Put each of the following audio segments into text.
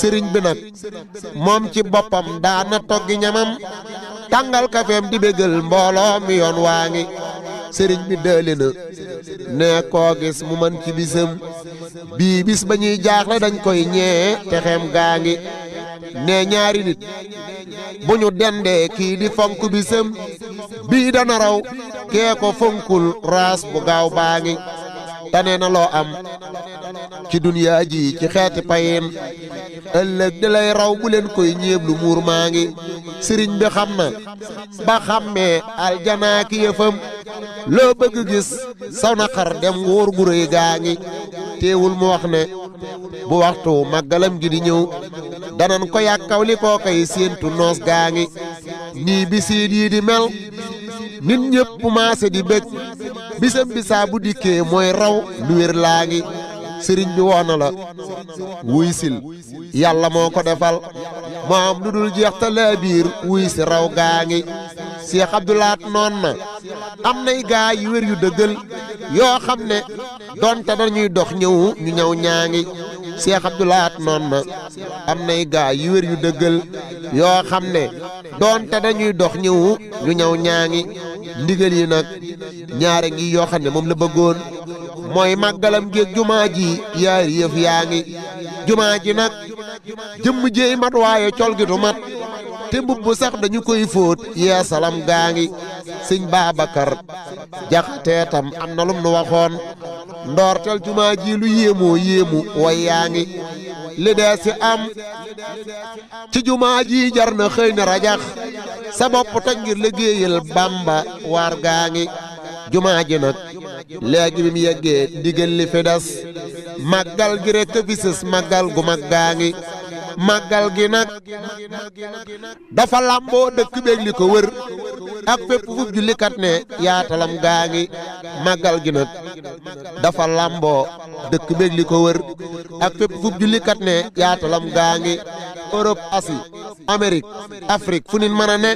sëriñ bi nag moom ci boppam daana toggi ñamam tàngal kafeem di bégal mbooloo mi yoon waa ngi sëriñ bi dëli na ne koo gis mu man ci bisam bii bis ba ñuy jaaxle dañ koy ñee te gaa ngi ne ñaari nit bu ñu dendee kii di fonk bisam bii dana raw kee ko fonkul raas bu gaaw baa ngi tane na loo am ci dunyaa ji ci xeeti payin ëllëg di lay raw bu leen koy ñeeblu muur maa ngi sëriñ bi xam na ba xàmmee aljanaa ki yëfam loo bëgg gis sa naqar dem wóor gu gaa ngi teewul mu wax ne bu waxtu màggalam gi di ñëw danan ko yàkkaw li koo kay séentu noos gaa ngi nii bisiit yii di mel nit ñëpp maase di bëgg bisam bisaa bu dikkee mooy raw lu wér laa ngi sëriñ bi woo na la wuy sil yàlla moo ko defal moo am lu dul jeex te laa biir wuy si raw gaa ngi Seex Abdulaat noon na am nay gaa yu wér yu dëggal yoo xam ne donte dañuy dox ñëwu ñu ñëw ñaa ngi Seex Abdulaat noon na am nay gaa yu wér yu dëggal yoo xam ne donte dañuy dox ñëwu ñu ñëw ñaa ngi ndigal yi nag ñaare ngi yoo xam ne moom la bëggoon mooy màggalam géeg jumaa ji yaari yëf yaa nag jëmm jéey mat waaye col gi du mat te mbubb sax dañu koy fóot yeesalam gaa ngi sëñ Babacar jaxatee tam am na nu waxoon ndoortel jumaa lu yéemoo yéemu way yaa ngi li am ci jumaa ji jar na xëy na rajax sa bopp toj ngir Bamba waar gaa ngi nag léegi bi mu yeggee ndigal li fi des gi rek a bisis màggal gu mag gaa ngi màggal gi nag dafa lamboo dëkk beeg ko wër ak fépp fu jullikat ne yaatalam gaa ngi màggal gi nag dafa lamboo dëkk beeg ko wër ak fépp fu jullikat ne yaatalam gaa ngi Europe Asie Amérique Afrique fu nit mën a ne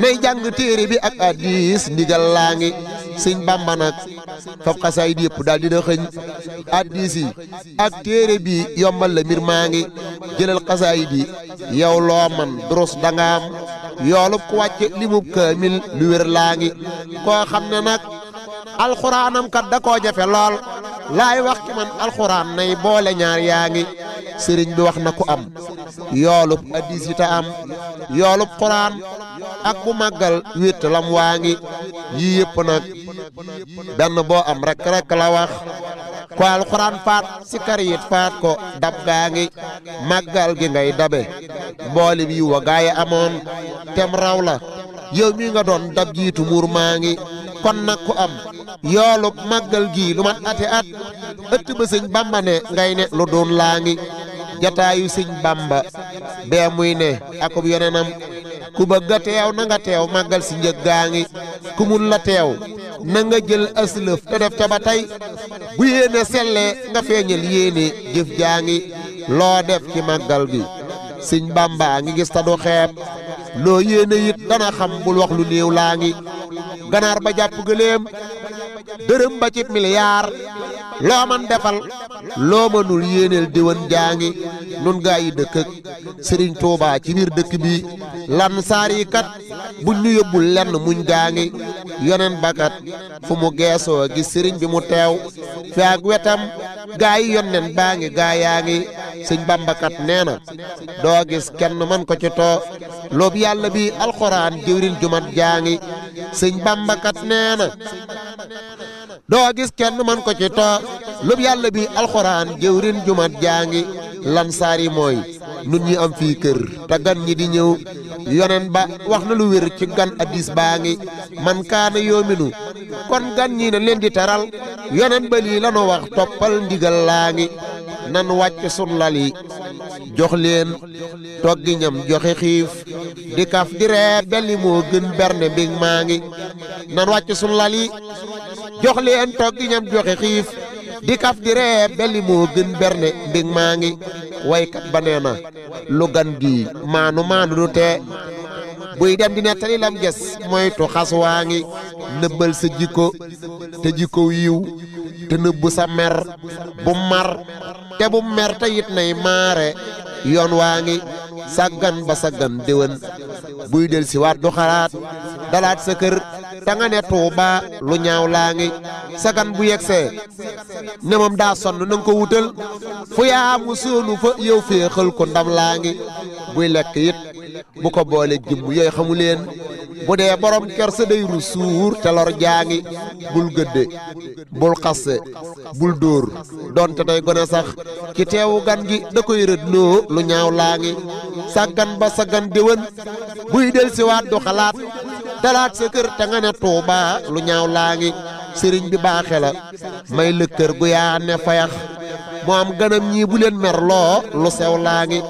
nay jàng téere bi ak addis ndigal laa ngi sëñ Bamba nag fab xasaayid yëpp daal dina xëñ addis yi ak téere bi yombal la mbir maa ngi jëlal xasaayid yi yow loo man durus dangaam yoolub ku wàcce limub kaamil lu wér laa ngi koo xam ne nag alxuraanam kat da koo jafe lool laay wax ki man alxuraan nay boole ñaar yaa ngi sëriñ bi wax na ko am yoolub addis am yoolub xuraan ak bu màggal wétt waa ngi yii yëpp nag benn boo am rek rek la wax ko alxuraan faat sikar faat ko dab gaa ngi màggal gi ngay dabe mboolim yi wa gaay amoon tem raw la yow mi nga doon dab jiitu muur maa ngi kon nag ku am yoolub màggal gii lu mat ati at ëtt ba sëñ bamba ne ngay ne lu doon laa ngi jataayu sëñ bamba bee muy ne akub yonenam ku bëgg teew na nga teew màggal si njëg gaa ngi ku la teew na nga jël aslëf te def ca ba tey bu yéene sellee nga feeñal yéene jëf jaa ngi loo def ci màggal bi sëñ bàmbaa ngi gis ta du xeeb loo yéene it dana xam bul wax lu laa ngi ganaar ba jàpp gëléem dërëm ba ci miliyaar loo man defal loo mënul yéeneel diwan jaangi nun gaa yi dëkk ak Serigne ci biir dëkk bi lan saar yi kat yóbbul lenn muñ gaa ngi yonen bakat fu mu geesoo gis sëriñ bi mu teew fi ak wetam gaa yi yonnen baa ngi gaa yaa ngi sëñ bambakat nee na doo gis kenn man ko ci too loob yàlla bi alxuraan jëwrin jumat jaa ngi sëñ bambakat nee na doo gis kenn man ko ci too lub yàlla bi alxuraan jëwrin jumat jaa ngi lan lansaari mooy nun ñi am fii kër te gan ñi di ñëw yonen ba wax na lu wér ci gan addis baa ngi man kaana yoominu kon gan ñi na leen di teral yonen ba lii lanu wax toppal ndigal laa ngi nan wàcc sun lal yi jox leen toggi ñam joxe xiif di kaf di reer delli moo gën berne mbig maa ngi nan wàcc sun lal yi jox leen togg ñam joxe xiif di kaf di ree beli moo gën berne mbig maa ngi waykat ba nee na lu gan gi maanu maanu du tee buy dem di nettali lam ges moytu xas waa ngi nëbbal sa jikko te jikko yiw te nëbbu sa mer bu mar te bu mer te it nay maare yoon waa ngi saggan ba saggan déwén buy del si waat xalaat dalaat sa kër te ne tuuba lu ñaaw laa ngi sagan bu yegsee ne moom daa sonn na ko wutal fu yaa mu soonu fa yow féexal ko ndam laa ngi buy lekk it bu ko boole jëmm yooyu xamu leen bu dee borom kersa day ru suur te lor jaa ngi bul gëdde bul xasse bul dóor donte day gone sax ki teewu gan gi da koy rëdd noo lu ñaaw laa ngi sàggan ba sàggan déwén buy del siwaat du xalaat dalaat sa kër te nga ne tuubaa lu ñaaw laa ngi sëriñ bi baaxe la may la kër gu yaa ne fayax mu am ganam ñii bu leen mer loo lu sew laa ngi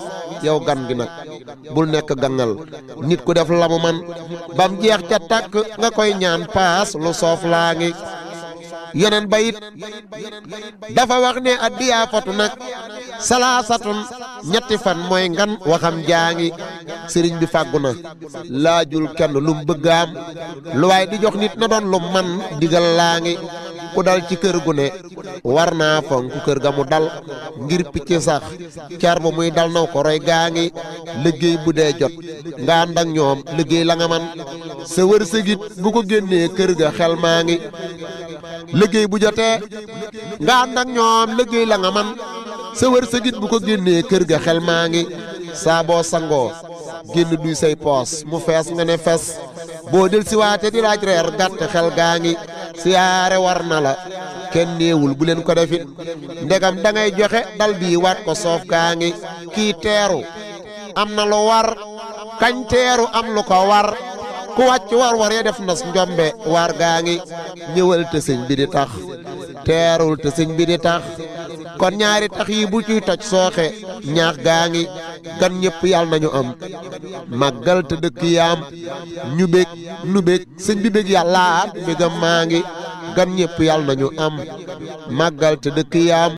yow gan gi nag bul nekk gangal nit ku def lamu man bam jeex ca tàkk nga koy ñaan paas lu soof laa ngi yeneen bayit dafa wax ne addiyaafatu nag salaasatun ñetti fan mooy ngan waxam jaa ngi sëriñ bi fàggu na laajul kenn lu mu bëgg am waaye di jox nit na doon lu man digal laa ngi ku dal ci kër gu ne war naa fonk kër ga mu dal ngir picc sax car ba muy dal naw ko roy gaa ngi liggéey bu dee jot nga ànd ak ñoom liggéey la nga man sa wërsëgit bu ko génnee kër ga xel maa ngi liggéey bu jotee nga ànd ak ñoom liggéey la nga man sa wërsëgit bu ko génnee kër ga xel maa ngi saaboo sangoo génn duy say poos mu fees nga ne fes boo del si waate di laaj reer gàtt xel gaa ngi siyaare war na la kenn néewul bu leen ko defit ndegam da ngay joxe dal bii waat ko soof gaa ngi kii teeru am na lu war kañ teeru am lu ko war ku wàcc war war ya def nas njombe war gaa ngi ñëwal bi di tax teerul te bi di tax kon ñaari tax yi bu ciy toj sooxe ñaax gaa ngi gan ñëpp yàlla nañu am màggal te dëkk yaam ñu bég nu bég sëñ bi bég maa ngi gan ñëpp yàlla nañu am màggal te dëkk